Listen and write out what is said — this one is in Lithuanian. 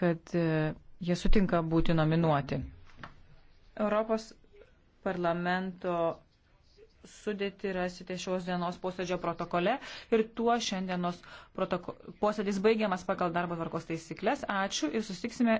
kad e, jie sutinka būti nominuoti. Europos parlamento sudėti rasite šios dienos posėdžio protokole ir tuo šiandienos protoko... posėdis baigiamas pagal darbo tvarkos taisyklės. Ačiū ir susitiksime.